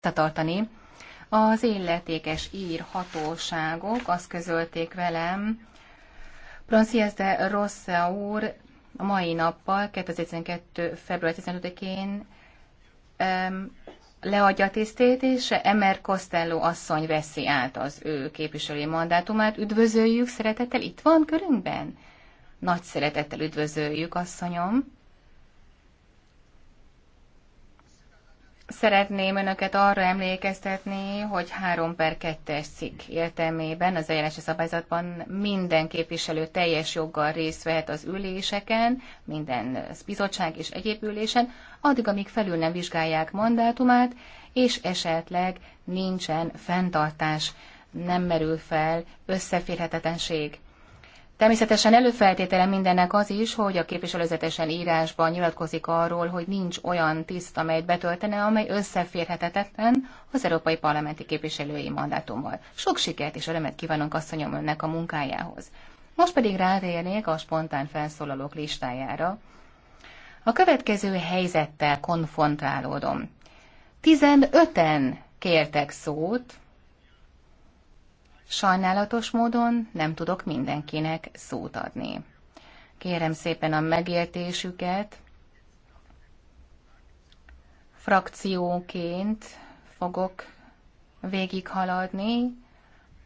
tartani. Az illetékes ír hatóságok azt közölték velem, Franciás de Rossa úr a mai nappal, 2012. február 15-én leadja a tisztét, és Emer Costello asszony veszi át az ő képviselői mandátumát. Üdvözöljük, szeretettel itt van körünkben? Nagy szeretettel üdvözöljük, asszonyom. Szeretném önöket arra emlékeztetni, hogy 3 per 2-es cikk értelmében az eljárási szabályzatban minden képviselő teljes joggal részt vehet az üléseken, minden bizottság és egyéb ülésen, addig, amíg felül nem vizsgálják mandátumát, és esetleg nincsen fenntartás, nem merül fel összeférhetetlenség. Természetesen előfeltétele mindennek az is, hogy a képviselőzetesen írásban nyilatkozik arról, hogy nincs olyan tiszt, amelyet betöltene, amely összeférhetetlen az Európai Parlamenti képviselői mandátummal. Sok sikert és örömet kívánunk asszonyom önnek a munkájához. Most pedig rátérnék a spontán felszólalók listájára. A következő helyzettel konfrontálódom. 15-en kértek szót, Sajnálatos módon nem tudok mindenkinek szót adni. Kérem szépen a megértésüket. Frakcióként fogok végighaladni.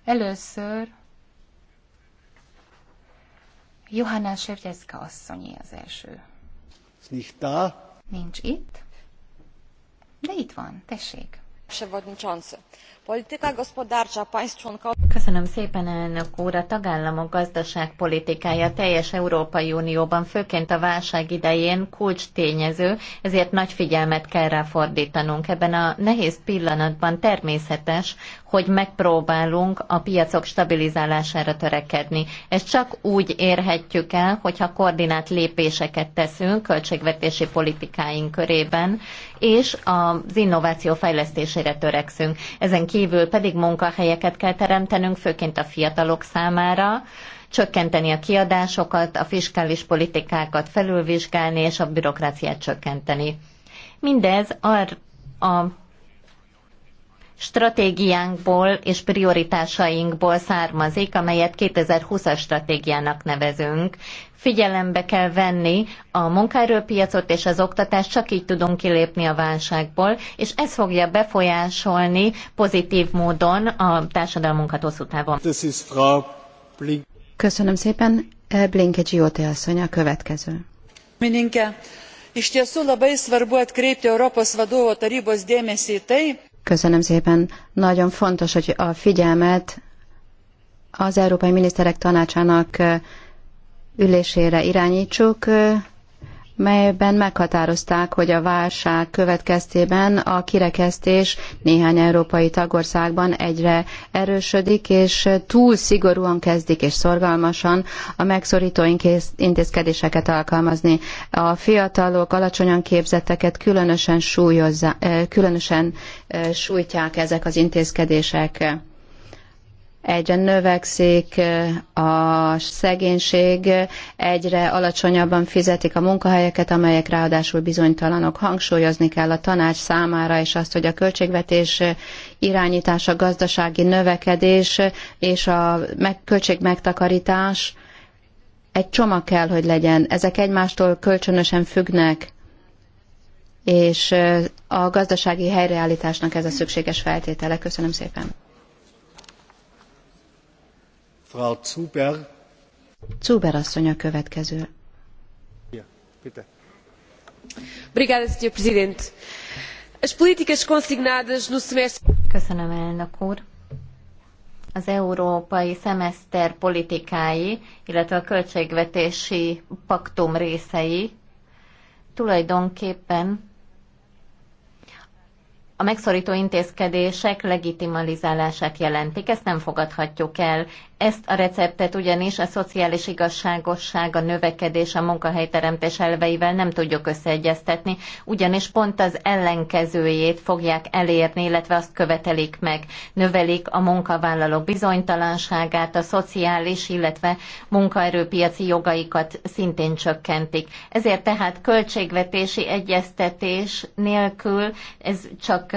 Először Johanna Sevgyeszka asszonyi az első. Nincs itt, de itt van, tessék. Przewodniczący. Polityka gospodarcza państw członkowskich Köszönöm szépen, elnök úr. A tagállamok gazdaságpolitikája teljes Európai Unióban, főként a válság idején kulcs tényező, ezért nagy figyelmet kell rá fordítanunk. Ebben a nehéz pillanatban természetes, hogy megpróbálunk a piacok stabilizálására törekedni. Ezt csak úgy érhetjük el, hogyha koordinált lépéseket teszünk költségvetési politikáink körében, és az innováció fejlesztésére törekszünk. Ezen kívül pedig munkahelyeket kell teremtenünk, főként a fiatalok számára, csökkenteni a kiadásokat, a fiskális politikákat felülvizsgálni és a bürokráciát csökkenteni. Mindez ar- a stratégiánkból és prioritásainkból származik, amelyet 2020-as stratégiának nevezünk. Figyelembe kell venni a munkaerőpiacot és az oktatást, csak így tudunk kilépni a válságból, és ez fogja befolyásolni pozitív módon a társadalmunkat hosszú távon. Köszönöm szépen. Blinke Gióte asszony a következő. Mininke, iš tiesų labai svarbu atkreipti Europos vadovo tarybos dėmesį į tai, Köszönöm szépen. Nagyon fontos, hogy a figyelmet az Európai Miniszterek Tanácsának ülésére irányítsuk melyben meghatározták, hogy a válság következtében a kirekesztés néhány európai tagországban egyre erősödik, és túl szigorúan kezdik és szorgalmasan a megszorító intézkedéseket alkalmazni. A fiatalok, alacsonyan képzetteket különösen, súlyozza, eh, különösen eh, sújtják ezek az intézkedések egyre növekszik a szegénység, egyre alacsonyabban fizetik a munkahelyeket, amelyek ráadásul bizonytalanok. Hangsúlyozni kell a tanács számára, és azt, hogy a költségvetés irányítása, gazdasági növekedés és a költségmegtakarítás egy csomag kell, hogy legyen. Ezek egymástól kölcsönösen függnek és a gazdasági helyreállításnak ez a szükséges feltétele. Köszönöm szépen. Frau Zuber. Zuber asszony a következő. Ja, bitte. Obrigada, Sr. Presidente. As políticas consignadas no semestre... Köszönöm, elnök úr az európai szemeszter politikái, illetve a költségvetési paktum részei tulajdonképpen a megszorító intézkedések legitimalizálását jelentik. Ezt nem fogadhatjuk el. Ezt a receptet ugyanis a szociális igazságosság, a növekedés, a munkahelyteremtés elveivel nem tudjuk összeegyeztetni, ugyanis pont az ellenkezőjét fogják elérni, illetve azt követelik meg. Növelik a munkavállalók bizonytalanságát, a szociális, illetve munkaerőpiaci jogaikat szintén csökkentik. Ezért tehát költségvetési egyeztetés nélkül ez csak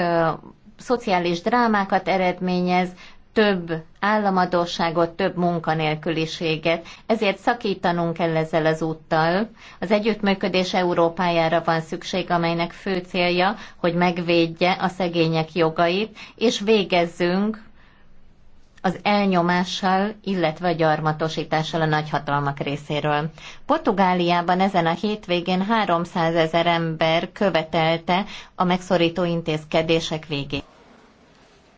szociális drámákat eredményez, több államadóságot, több munkanélküliséget. Ezért szakítanunk kell ezzel az úttal. Az együttműködés Európájára van szükség, amelynek fő célja, hogy megvédje a szegények jogait, és végezzünk az elnyomással, illetve a gyarmatosítással a nagyhatalmak részéről. Portugáliában ezen a hétvégén 300 ezer ember követelte a megszorító intézkedések végét.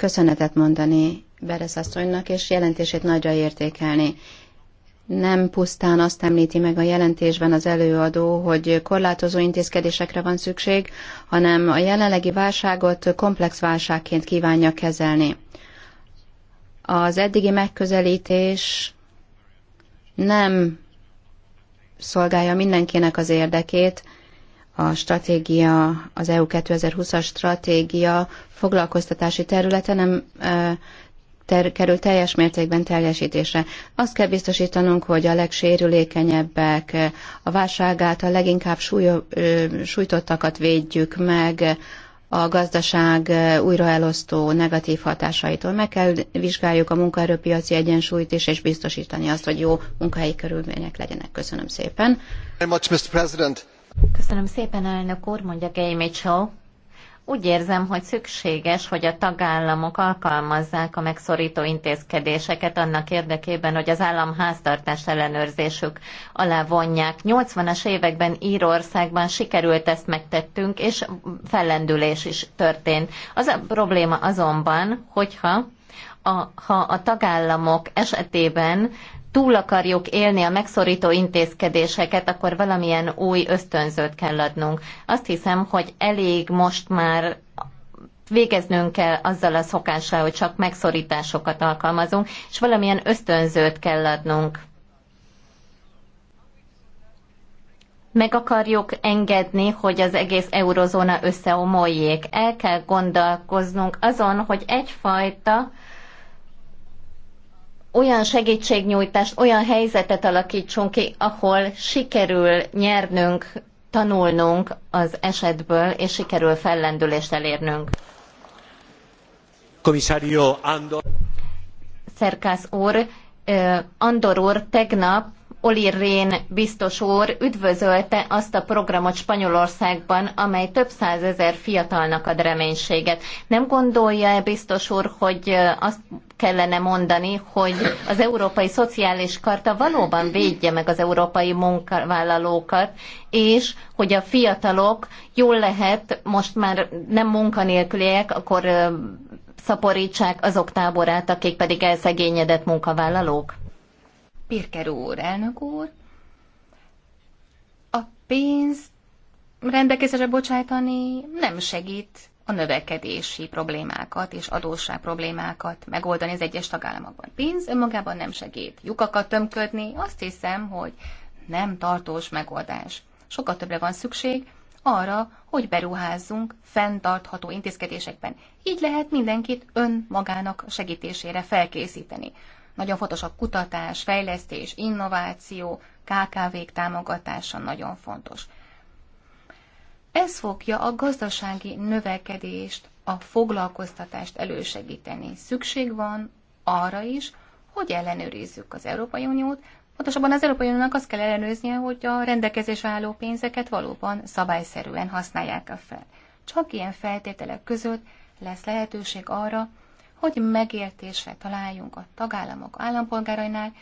köszönetet mondani Beres asszonynak, és jelentését nagyra értékelni. Nem pusztán azt említi meg a jelentésben az előadó, hogy korlátozó intézkedésekre van szükség, hanem a jelenlegi válságot komplex válságként kívánja kezelni. Az eddigi megközelítés nem szolgálja mindenkinek az érdekét, a stratégia, az EU 2020-as stratégia foglalkoztatási területe nem ter, kerül teljes mértékben teljesítésre. Azt kell biztosítanunk, hogy a legsérülékenyebbek, a válságát, a leginkább súlyo, sújtottakat védjük meg, a gazdaság újraelosztó negatív hatásaitól. Meg kell vizsgáljuk a munkaerőpiaci egyensúlyt is, és biztosítani azt, hogy jó munkahelyi körülmények legyenek. Köszönöm szépen. Much, Mr. President. Köszönöm szépen, elnök úr, mondja Game Show. Úgy érzem, hogy szükséges, hogy a tagállamok alkalmazzák a megszorító intézkedéseket annak érdekében, hogy az állam háztartás ellenőrzésük alá vonják. 80-as években Írországban sikerült ezt megtettünk, és fellendülés is történt. Az a probléma azonban, hogyha a, ha a tagállamok esetében túl akarjuk élni a megszorító intézkedéseket, akkor valamilyen új ösztönzőt kell adnunk. Azt hiszem, hogy elég most már végeznünk kell azzal a szokással, hogy csak megszorításokat alkalmazunk, és valamilyen ösztönzőt kell adnunk. Meg akarjuk engedni, hogy az egész eurozóna összeomoljék. El kell gondolkoznunk azon, hogy egyfajta olyan segítségnyújtást, olyan helyzetet alakítsunk ki, ahol sikerül nyernünk, tanulnunk az esetből, és sikerül fellendülést elérnünk. Komisario Andor. Szerkász úr, Andor úr tegnap Oli Rén biztos úr üdvözölte azt a programot Spanyolországban, amely több százezer fiatalnak ad reménységet. Nem gondolja-e biztos úr, hogy azt kellene mondani, hogy az Európai Szociális Karta valóban védje meg az európai munkavállalókat, és hogy a fiatalok jól lehet, most már nem munkanélküliek, akkor szaporítsák azok táborát, akik pedig elszegényedett munkavállalók? Pirker úr, elnök úr, a pénz rendelkezésre bocsájtani nem segít a növekedési problémákat és adósság problémákat megoldani az egyes tagállamokban. Pénz önmagában nem segít. Lyukakat tömködni, azt hiszem, hogy nem tartós megoldás. Sokkal többre van szükség arra, hogy beruházzunk fenntartható intézkedésekben. Így lehet mindenkit önmagának segítésére felkészíteni. Nagyon fontos a kutatás, fejlesztés, innováció, KKV-k támogatása nagyon fontos. Ez fogja a gazdasági növekedést, a foglalkoztatást elősegíteni. Szükség van arra is, hogy ellenőrizzük az Európai Uniót, Pontosabban az Európai Uniónak azt kell ellenőriznie, hogy a rendelkezésre álló pénzeket valóban szabályszerűen használják -e fel. Csak ilyen feltételek között lesz lehetőség arra, hogy megértésre találjunk a tagállamok állampolgárainál,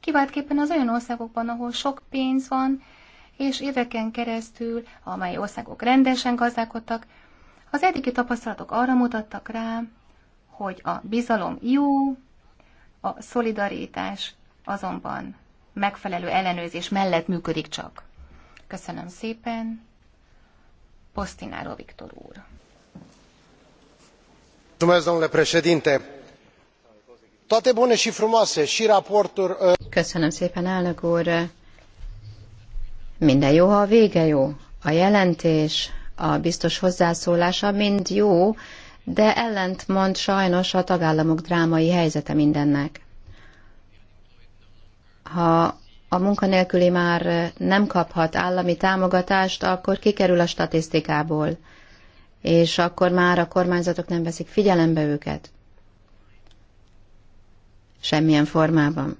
kiváltképpen az olyan országokban, ahol sok pénz van, és éveken keresztül, amely országok rendesen gazdálkodtak, az eddigi tapasztalatok arra mutattak rá, hogy a bizalom jó, a szolidaritás azonban megfelelő ellenőrzés mellett működik csak. Köszönöm szépen, Posztináró Viktor úr toate bune și frumoase și raportul. Uh, Köszönöm szépen, elnök úr. Minden jó, ha a vége jó. A jelentés, a biztos hozzászólása mind jó, de ellentmond sajnos a tagállamok drámai helyzete mindennek. Ha a munkanélküli már nem kaphat állami támogatást, akkor kikerül a statisztikából és akkor már a kormányzatok nem veszik figyelembe őket. Semmilyen formában.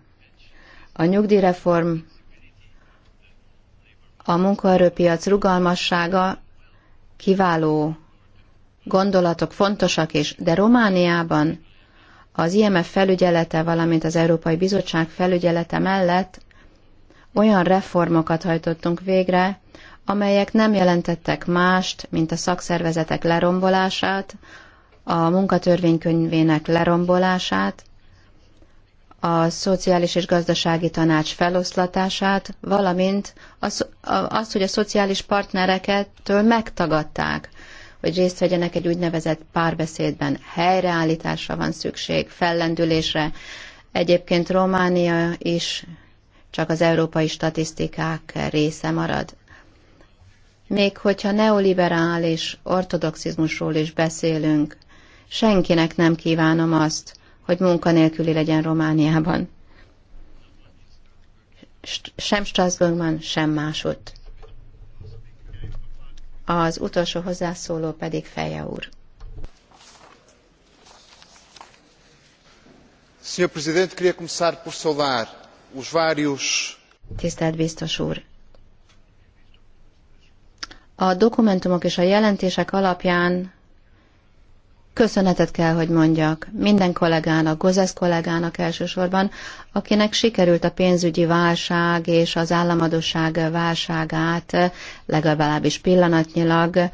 A nyugdíjreform, a munkaerőpiac rugalmassága kiváló gondolatok fontosak is, de Romániában az IMF felügyelete, valamint az Európai Bizottság felügyelete mellett olyan reformokat hajtottunk végre, amelyek nem jelentettek mást, mint a szakszervezetek lerombolását, a munkatörvénykönyvének lerombolását, a szociális és gazdasági tanács feloszlatását, valamint az, az hogy a szociális partnereketől megtagadták, hogy részt vegyenek egy úgynevezett párbeszédben. Helyreállításra van szükség, fellendülésre. Egyébként Románia is csak az európai statisztikák része marad még hogyha neoliberális ortodoxizmusról is beszélünk, senkinek nem kívánom azt, hogy munkanélküli legyen Romániában. Sem Strasbourgban, sem másod. Az utolsó hozzászóló pedig Feje úr. Sr. Presidente, queria começar por saudar os vários... Tisztelt biztos úr, a dokumentumok és a jelentések alapján köszönetet kell, hogy mondjak minden kollégának, Gozesz kollégának elsősorban, akinek sikerült a pénzügyi válság és az államadosság válságát legalábbis pillanatnyilag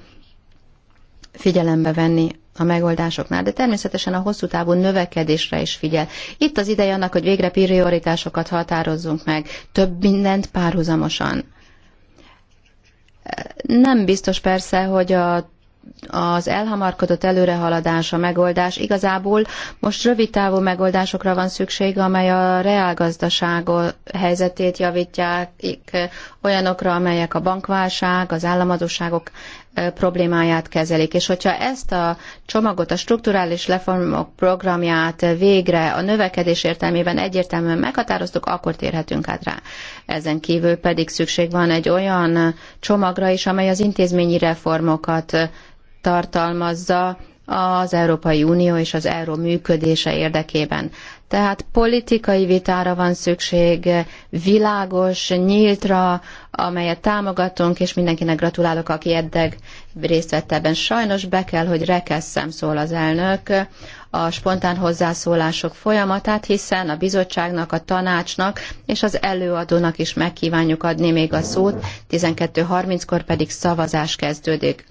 figyelembe venni a megoldásoknál, de természetesen a hosszú távú növekedésre is figyel. Itt az ideje annak, hogy végre prioritásokat határozzunk meg, több mindent párhuzamosan. Nem biztos persze, hogy a az elhamarkodott előrehaladás, a megoldás. Igazából most rövid távú megoldásokra van szükség, amely a reálgazdaság helyzetét javítják, olyanokra, amelyek a bankválság, az államadóságok problémáját kezelik. És hogyha ezt a csomagot, a strukturális reformok programját végre a növekedés értelmében egyértelműen meghatároztuk, akkor térhetünk át rá. Ezen kívül pedig szükség van egy olyan csomagra is, amely az intézményi reformokat tartalmazza, az Európai Unió és az euró működése érdekében. Tehát politikai vitára van szükség, világos, nyíltra, amelyet támogatunk, és mindenkinek gratulálok, aki eddig részt vett ebben. Sajnos be kell, hogy rekesszem, szól az elnök, a spontán hozzászólások folyamatát, hiszen a bizottságnak, a tanácsnak és az előadónak is megkívánjuk adni még a szót, 12.30-kor pedig szavazás kezdődik.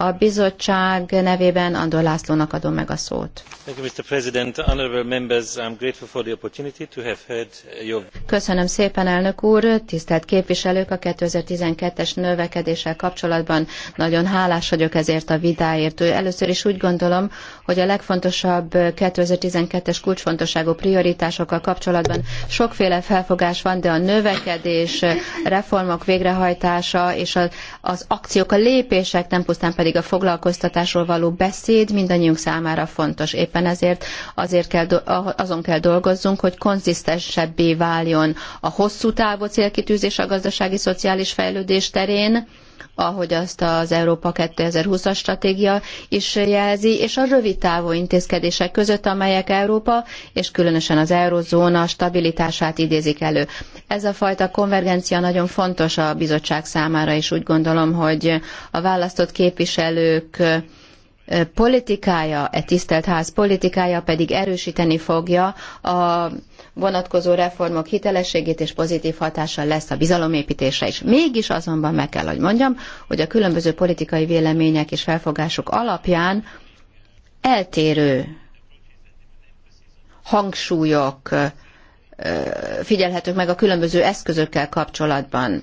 A bizottság nevében Andor Lászlónak adom meg a szót. Thank you, Mr. President. Honorable members, I'm grateful for the opportunity to have heard your... Köszönöm szépen, elnök úr, tisztelt képviselők, a 2012-es növekedéssel kapcsolatban nagyon hálás vagyok ezért a vitáért. Először is úgy gondolom, hogy a legfontosabb 2012-es kulcsfontosságú prioritásokkal kapcsolatban sokféle felfogás van, de a növekedés, reformok végrehajtása és az akciók, a lépések, nem pusztán pedig a foglalkoztatásról való beszéd mindannyiunk számára fontos. Éppen ezért azért kell, azon kell dolgozzunk, hogy konzisztensebbé váljon váljon a hosszú távú célkitűzés a gazdasági szociális fejlődés terén, ahogy azt az Európa 2020-as stratégia is jelzi, és a rövid távú intézkedések között, amelyek Európa és különösen az eurozóna stabilitását idézik elő. Ez a fajta konvergencia nagyon fontos a bizottság számára, és úgy gondolom, hogy a választott képviselők politikája, e tisztelt ház politikája pedig erősíteni fogja a vonatkozó reformok hitelességét és pozitív hatással lesz a bizalomépítésre is. Mégis azonban meg kell, hogy mondjam, hogy a különböző politikai vélemények és felfogások alapján eltérő hangsúlyok figyelhetők meg a különböző eszközökkel kapcsolatban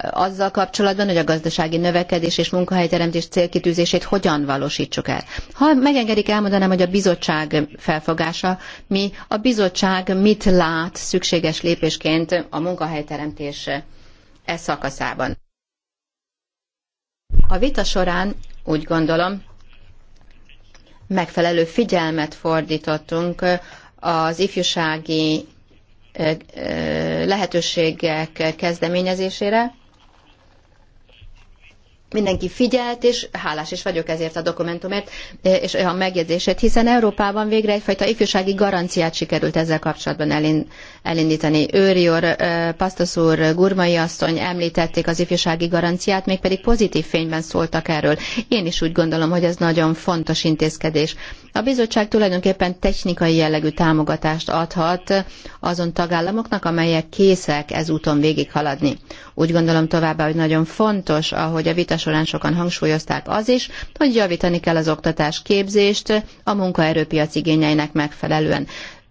azzal kapcsolatban, hogy a gazdasági növekedés és munkahelyteremtés célkitűzését hogyan valósítsuk el. Ha megengedik, elmondanám, hogy a bizottság felfogása, mi a bizottság mit lát szükséges lépésként a munkahelyteremtés e szakaszában. A vita során úgy gondolom, megfelelő figyelmet fordítottunk az ifjúsági lehetőségek kezdeményezésére, mindenki figyelt, és hálás is vagyok ezért a dokumentumért eh, és olyan megjegyzését, hiszen Európában végre egyfajta ifjúsági garanciát sikerült ezzel kapcsolatban elindítani. elindítani. úr, eh, Pasztos úr, Gurmai asszony említették az ifjúsági garanciát, mégpedig pozitív fényben szóltak erről. Én is úgy gondolom, hogy ez nagyon fontos intézkedés. A bizottság tulajdonképpen technikai jellegű támogatást adhat azon tagállamoknak, amelyek készek ez úton végighaladni. Úgy gondolom továbbá, hogy nagyon fontos, ahogy a vita során sokan hangsúlyozták az is, hogy javítani kell az oktatás képzést a munkaerőpiac igényeinek megfelelően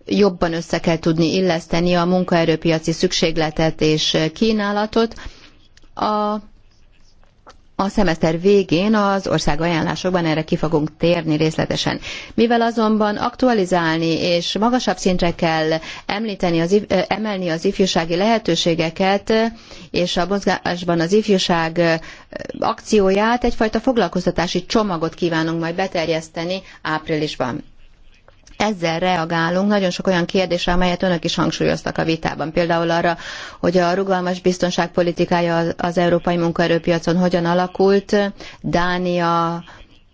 jobban össze kell tudni illeszteni a munkaerőpiaci szükségletet és kínálatot a a szemeszter végén az ország ajánlásokban erre ki fogunk térni részletesen. Mivel azonban aktualizálni és magasabb szintre kell említeni az, emelni az ifjúsági lehetőségeket, és a mozgásban az ifjúság akcióját egyfajta foglalkoztatási csomagot kívánunk majd beterjeszteni áprilisban ezzel reagálunk nagyon sok olyan kérdésre, amelyet önök is hangsúlyoztak a vitában. Például arra, hogy a rugalmas biztonságpolitikája az európai munkaerőpiacon hogyan alakult, Dánia,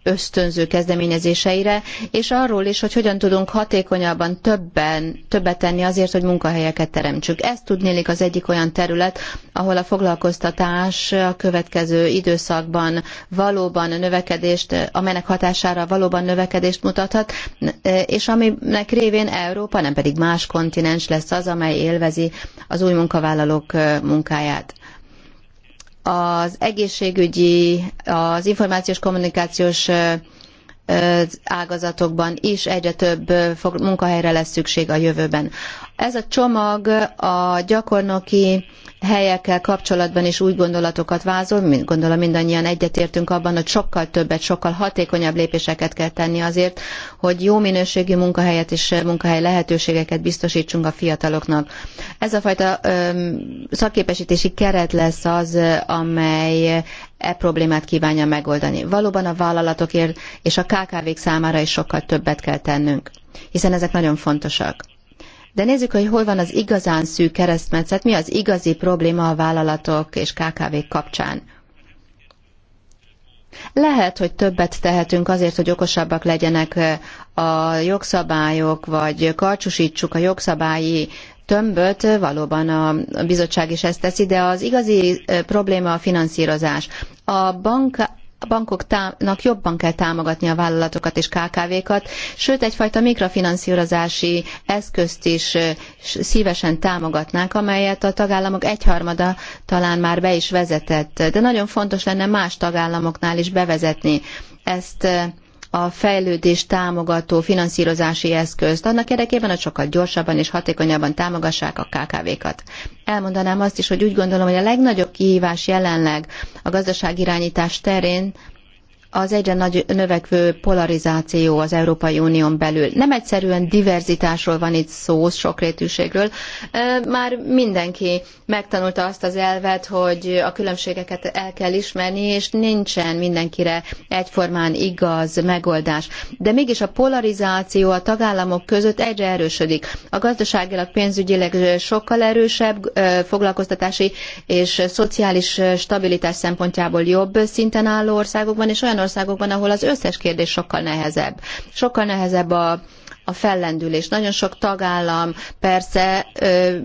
ösztönző kezdeményezéseire, és arról is, hogy hogyan tudunk hatékonyabban többen, többet tenni azért, hogy munkahelyeket teremtsünk. Ez tudnélik az egyik olyan terület, ahol a foglalkoztatás a következő időszakban valóban növekedést, amelynek hatására valóban növekedést mutathat, és aminek révén Európa, nem pedig más kontinens lesz az, amely élvezi az új munkavállalók munkáját az egészségügyi, az információs kommunikációs ágazatokban is egyre több munkahelyre lesz szükség a jövőben. Ez a csomag a gyakornoki helyekkel kapcsolatban is úgy gondolatokat vázol, mint gondolom mindannyian egyetértünk abban, hogy sokkal többet, sokkal hatékonyabb lépéseket kell tenni azért, hogy jó minőségű munkahelyet és munkahely lehetőségeket biztosítsunk a fiataloknak. Ez a fajta ö, szakképesítési keret lesz az, amely e problémát kívánja megoldani. Valóban a vállalatokért és a KKV-k számára is sokkal többet kell tennünk, hiszen ezek nagyon fontosak. De nézzük, hogy hol van az igazán szűk keresztmetszet, mi az igazi probléma a vállalatok és KKV-k kapcsán. Lehet, hogy többet tehetünk azért, hogy okosabbak legyenek eh, a jogszabályok, vagy karcsúsítsuk a jogszabályi tömböt, valóban a bizottság is ezt teszi, de az igazi eh, probléma a finanszírozás. A bank a bankoknak jobban kell támogatni a vállalatokat és KKV-kat, sőt egyfajta mikrofinanszírozási eszközt is szívesen támogatnák, amelyet a tagállamok egyharmada talán már be is vezetett. De nagyon fontos lenne más tagállamoknál is bevezetni ezt a fejlődés támogató finanszírozási eszközt, annak érdekében, hogy sokkal gyorsabban és hatékonyabban támogassák a KKV-kat. Elmondanám azt is, hogy úgy gondolom, hogy a legnagyobb kihívás jelenleg a gazdaságirányítás terén az egyre nagy növekvő polarizáció az Európai Unión belül. Nem egyszerűen diverzitásról van itt szó, sokrétűségről. Már mindenki megtanulta azt az elvet, hogy a különbségeket el kell ismerni, és nincsen mindenkire egyformán igaz megoldás. De mégis a polarizáció a tagállamok között egyre erősödik. A gazdaságilag, pénzügyileg sokkal erősebb, foglalkoztatási és szociális stabilitás szempontjából jobb szinten álló országokban, és olyan országokban, ahol az összes kérdés sokkal nehezebb. Sokkal nehezebb a, a fellendülés. Nagyon sok tagállam persze ö,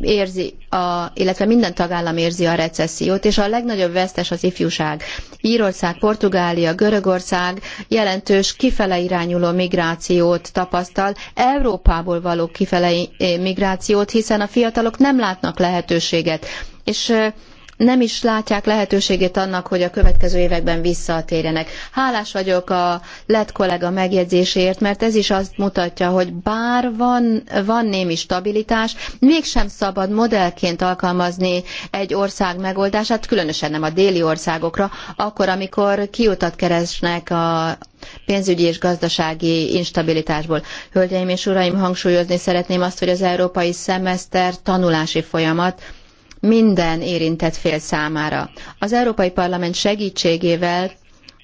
érzi, a, illetve minden tagállam érzi a recessziót, és a legnagyobb vesztes az ifjúság. Írország, Portugália, Görögország jelentős kifele irányuló migrációt tapasztal, Európából való kifele migrációt, hiszen a fiatalok nem látnak lehetőséget. És nem is látják lehetőségét annak, hogy a következő években visszatérjenek. Hálás vagyok a lett kollega megjegyzéséért, mert ez is azt mutatja, hogy bár van, van némi stabilitás, mégsem szabad modellként alkalmazni egy ország megoldását, különösen nem a déli országokra, akkor, amikor kiutat keresnek a, pénzügyi és gazdasági instabilitásból. Hölgyeim és uraim, hangsúlyozni szeretném azt, hogy az európai szemeszter tanulási folyamat, minden érintett fél számára. Az Európai Parlament segítségével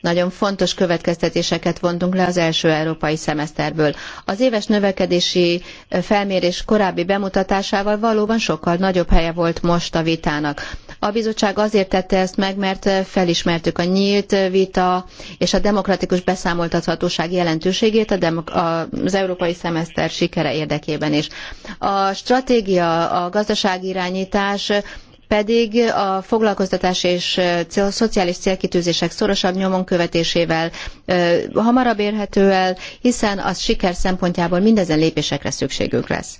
nagyon fontos következtetéseket vontunk le az első európai szemeszterből. Az éves növekedési eh, felmérés korábbi bemutatásával valóban sokkal nagyobb helye volt most a vitának. A bizottság azért tette ezt meg, mert felismertük a nyílt vita és a demokratikus beszámoltathatóság jelentőségét a demok- az európai szemeszter sikere érdekében is. A stratégia, a gazdasági irányítás pedig a foglalkoztatás és cél, szociális célkitűzések szorosabb nyomon követésével hamarabb érhető el, hiszen az siker szempontjából mindezen lépésekre szükségünk lesz.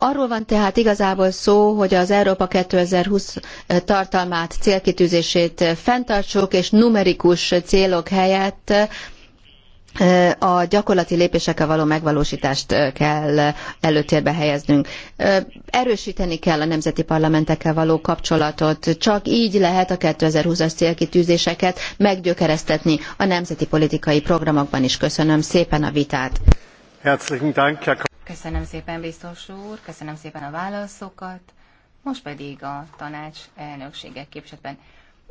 Arról van tehát igazából szó, hogy az Európa 2020 tartalmát, célkitűzését fenntartsuk, és numerikus célok helyett a gyakorlati lépésekkel való megvalósítást kell előtérbe helyeznünk. Erősíteni kell a nemzeti parlamentekkel való kapcsolatot, csak így lehet a 2020-as célkitűzéseket meggyökeresztetni a nemzeti politikai programokban is. Köszönöm szépen a vitát! Köszönöm szépen, biztos úr, köszönöm szépen a válaszokat. Most pedig a tanács elnöksége képviseletben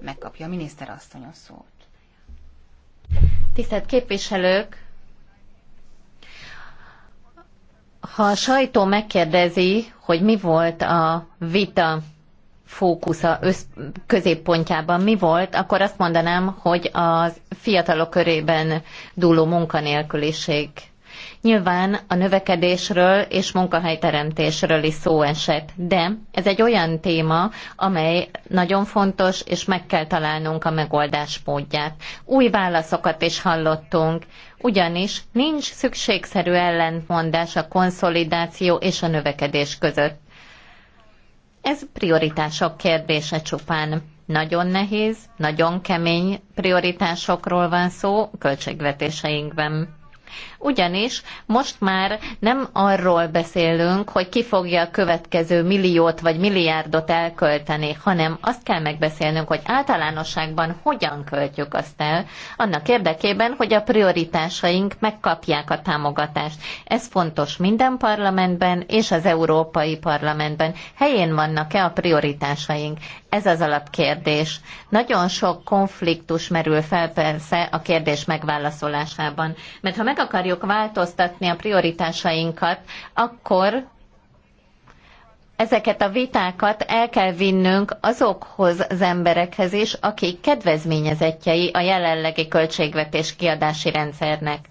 megkapja a miniszter asszony a szót. Tisztelt képviselők! Ha a sajtó megkérdezi, hogy mi volt a vita fókusza össz, középpontjában mi volt, akkor azt mondanám, hogy a fiatalok körében dúló munkanélküliség Nyilván a növekedésről és munkahelyteremtésről is szó esett, de ez egy olyan téma, amely nagyon fontos, és meg kell találnunk a megoldás módját. Új válaszokat is hallottunk, ugyanis nincs szükségszerű ellentmondás a konszolidáció és a növekedés között. Ez prioritások kérdése csupán. Nagyon nehéz, nagyon kemény prioritásokról van szó költségvetéseinkben. Ugyanis most már nem arról beszélünk, hogy ki fogja a következő milliót vagy milliárdot elkölteni, hanem azt kell megbeszélnünk, hogy általánosságban hogyan költjük azt el, annak érdekében, hogy a prioritásaink megkapják a támogatást. Ez fontos minden parlamentben és az Európai Parlamentben. Helyén vannak-e a prioritásaink? Ez az alapkérdés. Nagyon sok konfliktus merül fel persze a kérdés megválaszolásában. Mert ha meg akar akarjuk változtatni a prioritásainkat, akkor ezeket a vitákat el kell vinnünk azokhoz az emberekhez is, akik kedvezményezettjei a jelenlegi költségvetés kiadási rendszernek.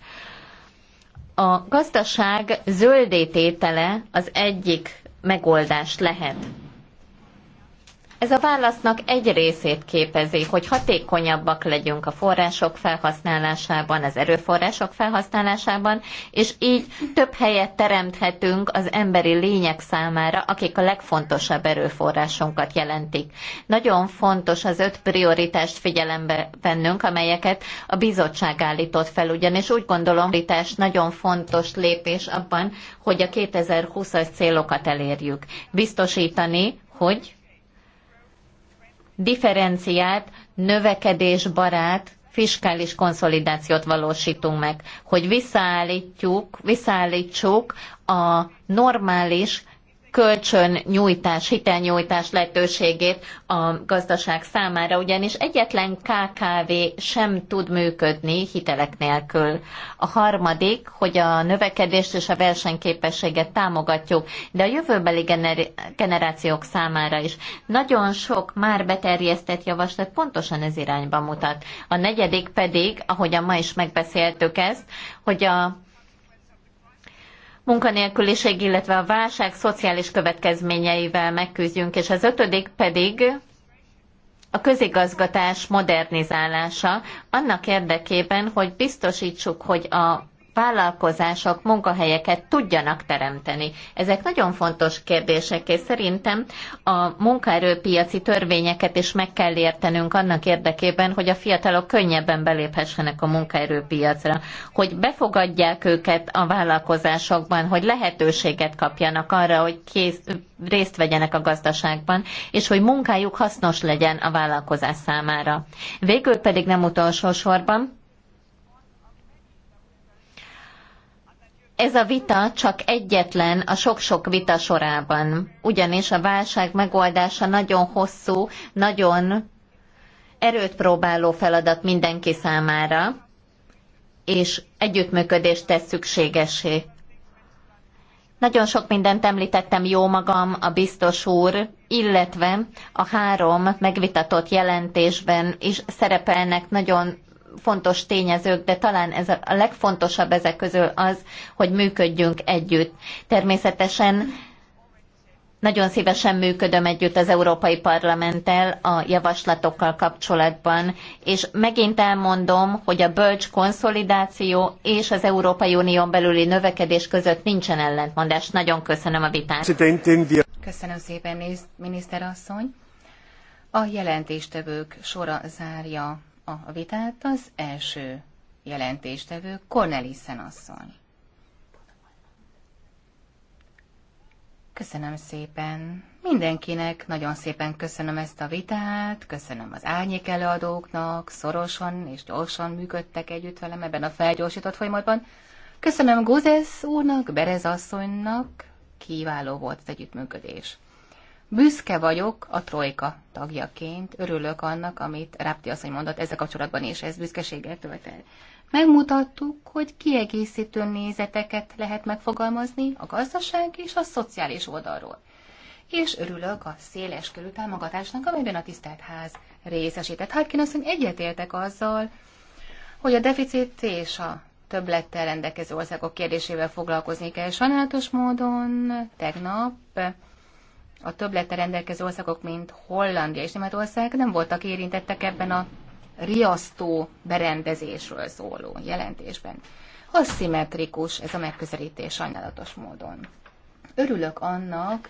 A gazdaság zöldététele az egyik megoldás lehet. Ez a válasznak egy részét képezi, hogy hatékonyabbak legyünk a források felhasználásában, az erőforrások felhasználásában, és így több helyet teremthetünk az emberi lények számára, akik a legfontosabb erőforrásunkat jelentik. Nagyon fontos az öt prioritást figyelembe vennünk, amelyeket a bizottság állított fel, ugyanis úgy gondolom, prioritás nagyon fontos lépés abban, hogy a 2020-as célokat elérjük. Biztosítani, hogy differenciált, növekedésbarát fiskális konszolidációt valósítunk meg, hogy visszaállítjuk, visszaállítsuk a normális kölcsönnyújtás, hitelnyújtás lehetőségét a gazdaság számára, ugyanis egyetlen KKV sem tud működni hitelek nélkül. A harmadik, hogy a növekedést és a versenyképességet támogatjuk, de a jövőbeli gener- generációk számára is. Nagyon sok már beterjesztett javaslat pontosan ez irányba mutat. A negyedik pedig, a ma is megbeszéltük ezt, hogy a munkanélküliség, illetve a válság szociális következményeivel megküzdjünk, és az ötödik pedig a közigazgatás modernizálása annak érdekében, hogy biztosítsuk, hogy a vállalkozások munkahelyeket tudjanak teremteni. Ezek nagyon fontos kérdések, és szerintem a munkaerőpiaci törvényeket is meg kell értenünk annak érdekében, hogy a fiatalok könnyebben beléphessenek a munkaerőpiacra, hogy befogadják őket a vállalkozásokban, hogy lehetőséget kapjanak arra, hogy kész, részt vegyenek a gazdaságban, és hogy munkájuk hasznos legyen a vállalkozás számára. Végül pedig nem utolsó sorban, ez a vita csak egyetlen a sok-sok vita sorában, ugyanis a válság megoldása nagyon hosszú, nagyon erőt próbáló feladat mindenki számára, és együttműködést tesz szükségesé. Nagyon sok mindent említettem jó magam, a biztos úr, illetve a három megvitatott jelentésben is szerepelnek nagyon fontos tényezők, de talán ez a legfontosabb ezek közül az, hogy működjünk együtt. Természetesen nagyon szívesen működöm együtt az Európai Parlamenttel a javaslatokkal kapcsolatban, és megint elmondom, hogy a bölcs konszolidáció és az Európai Unión belüli növekedés között nincsen ellentmondás. Nagyon köszönöm a vitát. Köszönöm szépen, miniszterasszony. A jelentéstevők sora zárja a vitát az első jelentéstevő Cornelissen asszony. Köszönöm szépen. Mindenkinek nagyon szépen köszönöm ezt a vitát, köszönöm az árnyék előadóknak, szorosan és gyorsan működtek együtt velem ebben a felgyorsított folyamatban. Köszönöm Gózes úrnak, Berez asszonynak, kiváló volt az együttműködés. Büszke vagyok a trojka tagjaként, örülök annak, amit Rápti asszony mondott ezzel kapcsolatban, és ez büszkeséggel tölt el. Megmutattuk, hogy kiegészítő nézeteket lehet megfogalmazni a gazdaság és a szociális oldalról. És örülök a széles körű támogatásnak, amelyben a tisztelt ház részesített. Harkin hát, asszony egyetértek azzal, hogy a deficit és a többlettel rendelkező országok kérdésével foglalkozni kell. Sajnálatos módon tegnap a többlete rendelkező országok, mint Hollandia és Németország nem voltak érintettek ebben a riasztó berendezésről szóló jelentésben. Aszimmetrikus ez a megközelítés sajnálatos módon. Örülök annak,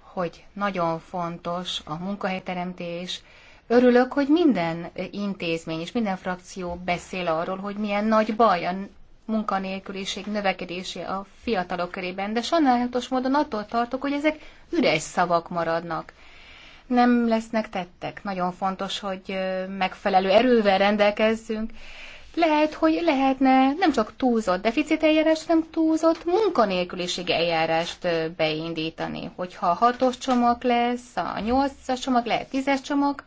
hogy nagyon fontos a munkahelyteremtés. Örülök, hogy minden intézmény és minden frakció beszél arról, hogy milyen nagy baj a munkanélküliség növekedése a fiatalok körében, de sajnálatos módon attól tartok, hogy ezek üres szavak maradnak. Nem lesznek tettek. Nagyon fontos, hogy megfelelő erővel rendelkezzünk. Lehet, hogy lehetne nem csak túlzott deficit eljárást, hanem túlzott munkanélküliség eljárást beindítani. Hogyha hatos csomag lesz, a nyolcas csomag, lehet tízes csomag,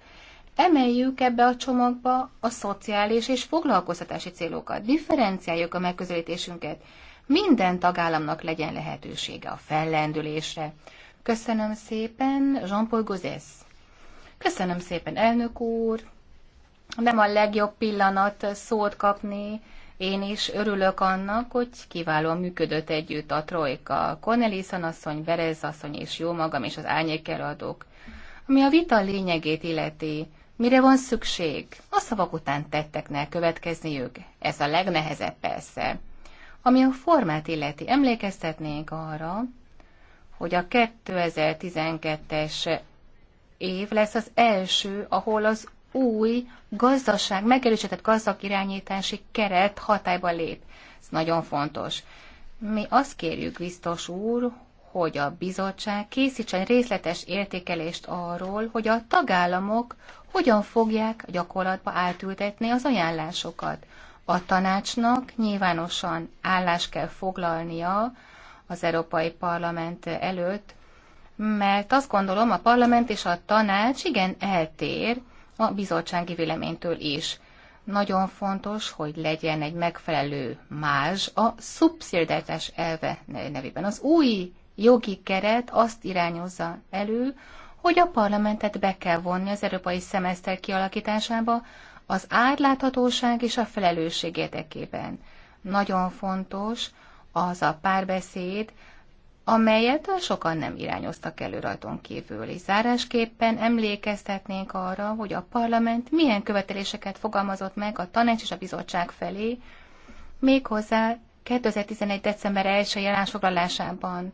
emeljük ebbe a csomagba a szociális és foglalkoztatási célokat, differenciáljuk a megközelítésünket, minden tagállamnak legyen lehetősége a fellendülésre. Köszönöm szépen, Jean-Paul Gauzès. Köszönöm szépen, elnök úr. Nem a legjobb pillanat szót kapni. Én is örülök annak, hogy kiválóan működött együtt a Trojka, Cornelison asszony, Berez asszony és jó magam és az árnyék Ami a vita lényegét illeti, Mire van szükség? A szavak után tetteknél következniük. Ez a legnehezebb persze. Ami a formát illeti, emlékeztetnénk arra, hogy a 2012-es év lesz az első, ahol az új gazdaság, megerősített gazdagirányítási keret hatályba lép. Ez nagyon fontos. Mi azt kérjük, biztos úr, hogy a bizottság készítsen részletes értékelést arról, hogy a tagállamok hogyan fogják gyakorlatba átültetni az ajánlásokat. A tanácsnak nyilvánosan állást kell foglalnia az Európai Parlament előtt, mert azt gondolom a parlament és a tanács igen eltér a bizottsági véleménytől is. Nagyon fontos, hogy legyen egy megfelelő más a szubszidiaritás elve nevében. Az új jogi keret azt irányozza elő, hogy a parlamentet be kell vonni az európai szemeszter kialakításába az átláthatóság és a felelősség érdekében. Nagyon fontos az a párbeszéd, amelyet sokan nem irányoztak elő rajton kívül, és zárásképpen emlékeztetnénk arra, hogy a parlament milyen követeléseket fogalmazott meg a tanács és a bizottság felé, méghozzá 2011. december 1 állásfoglalásában.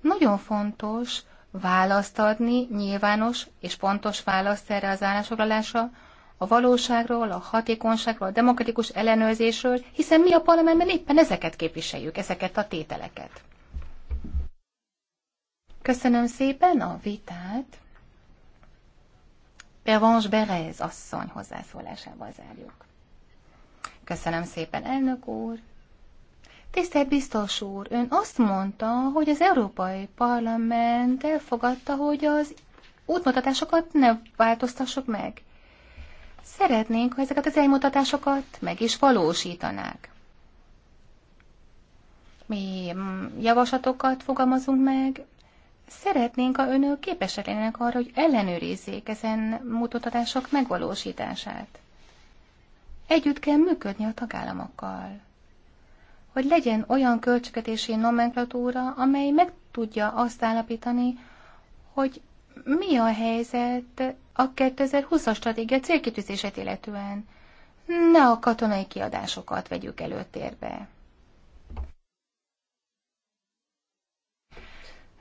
Nagyon fontos, választ adni, nyilvános és pontos választ erre az állásfoglalásra, a valóságról, a hatékonyságról, a demokratikus ellenőrzésről, hiszen mi a parlamentben éppen ezeket képviseljük, ezeket a tételeket. Köszönöm szépen a vitát. Pervans Berez asszony hozzászólásával zárjuk. Köszönöm szépen, elnök úr. Tisztelt biztos úr, ön azt mondta, hogy az Európai Parlament elfogadta, hogy az útmutatásokat ne változtassuk meg. Szeretnénk, ha ezeket az elmutatásokat meg is valósítanák. Mi mm, javaslatokat fogalmazunk meg, szeretnénk, ha önök képesek lennének arra, hogy ellenőrizzék ezen mutatások megvalósítását. Együtt kell működni a tagállamokkal hogy legyen olyan költségvetési nomenklatúra, amely meg tudja azt állapítani, hogy mi a helyzet a 2020-as stratégia célkitűzését illetően. Ne a katonai kiadásokat vegyük előtérbe.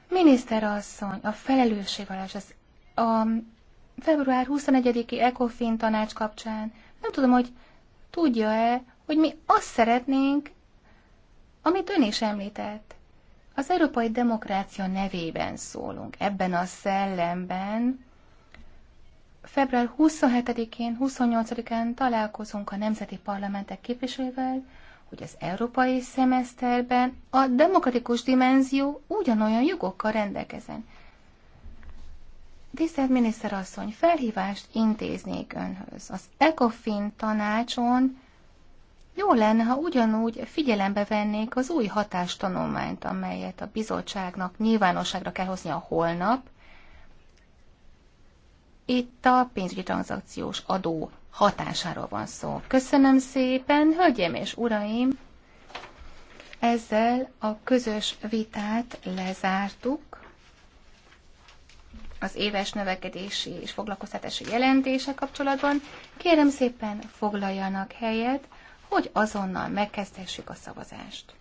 Miniszterasszony, a felelősség alás az a február 21-i ECOFIN tanács kapcsán nem tudom, hogy tudja-e, hogy mi azt szeretnénk, amit ön is említett, az európai demokrácia nevében szólunk. Ebben a szellemben február 27-én, 28-án találkozunk a nemzeti parlamentek képviselővel, hogy az európai szemeszterben a demokratikus dimenzió ugyanolyan jogokkal rendelkezen. Tisztelt miniszterasszony, felhívást intéznék önhöz. Az ECOFIN tanácson jó lenne, ha ugyanúgy figyelembe vennék az új hatástanulmányt, amelyet a bizottságnak nyilvánosságra kell hoznia holnap. Itt a pénzügyi tranzakciós adó hatásáról van szó. Köszönöm szépen, hölgyeim és uraim! Ezzel a közös vitát lezártuk. Az éves növekedési és foglalkoztatási jelentése kapcsolatban kérem szépen foglaljanak helyet, hogy azonnal megkezdhessük a szavazást.